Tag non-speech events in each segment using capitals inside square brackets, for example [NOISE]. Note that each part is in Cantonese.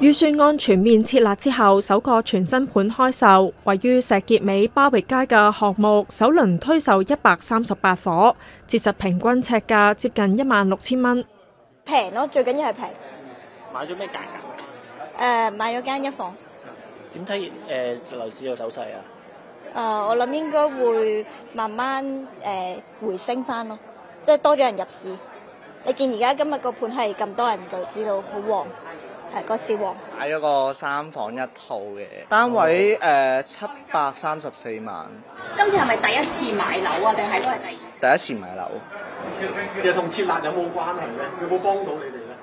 預算案全面設立之後，首個全新盤開售，位於石硤尾巴域街嘅項目，首輪推售一百三十八伙，折實平均尺價接近一萬六千蚊，平咯，最緊要係平。買咗咩價格？誒、呃，買咗間一,一房。點睇誒樓市個走勢啊？誒、呃，我諗應該會慢慢誒、呃、回升翻咯，即係多咗人入市。你見而家今日個盤係咁多人就知道好旺，係、個市旺。買咗個三房一套嘅單位，誒七百三十四萬。今次係咪第一次買樓啊？定係都係第二次？第一次買樓。 [LAUGHS] 其實同撤辣有冇關係咧？佢有冇幫到你哋咧？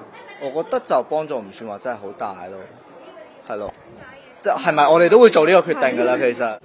我覺得就幫助唔算話真係好大咯，係咯，即係咪我哋都會做呢個決定㗎啦？其實。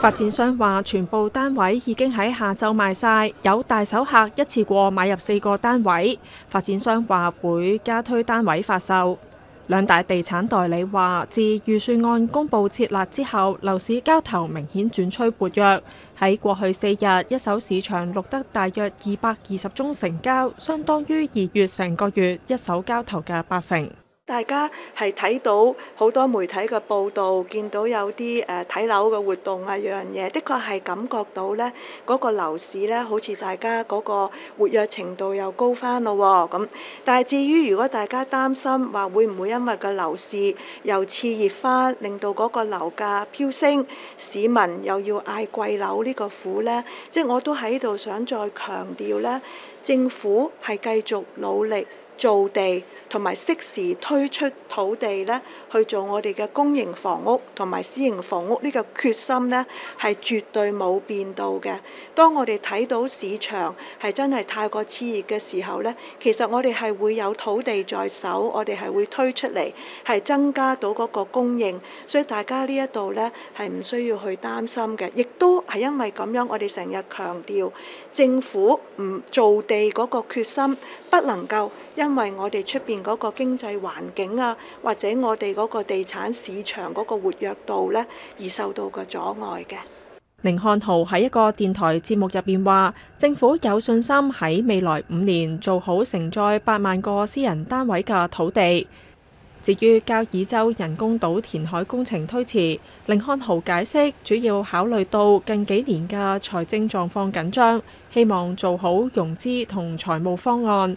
發展商話：全部單位已經喺下晝賣晒，有大手客一次過買入四個單位。發展商話會加推單位發售。兩大地產代理話：自預算案公佈撤辣之後，樓市交投明顯轉趨活躍。喺過去四日，一手市場錄得大約二百二十宗成交，相當於二月成個月一手交投嘅八成。大家係睇到好多媒體嘅報道，見到有啲誒睇樓嘅活動啊，樣嘢，的確係感覺到呢，嗰個樓市呢，好似大家嗰個活躍程度又高翻咯喎咁。但係至於如果大家擔心話會唔會因為個樓市又熾熱翻，令到嗰個樓價飆升，市民又要嗌「貴樓」呢個苦呢？即係我都喺度想再強調呢，政府係繼續努力，造地同埋適時推出土地咧，去做我哋嘅公營房屋同埋私營房屋呢個決心咧，係絕對冇變到嘅。當我哋睇到市場係真係太過熾熱嘅時候咧，其實我哋係會有土地在手，我哋係會推出嚟，係增加到嗰個供應，所以大家呢一度咧係唔需要去擔心嘅。亦都係因為咁樣，我哋成日強調政府唔造地嗰個決心不能夠因因為我哋出邊嗰個經濟環境啊，或者我哋嗰個地產市場嗰個活躍度咧，而受到個阻礙嘅。甯漢豪喺一個電台節目入面話，政府有信心喺未來五年做好承載八萬個私人單位嘅土地。至於交椅洲人工島填海工程推遲，甯漢豪解釋主要考慮到近幾年嘅財政狀況緊張，希望做好融資同財務方案。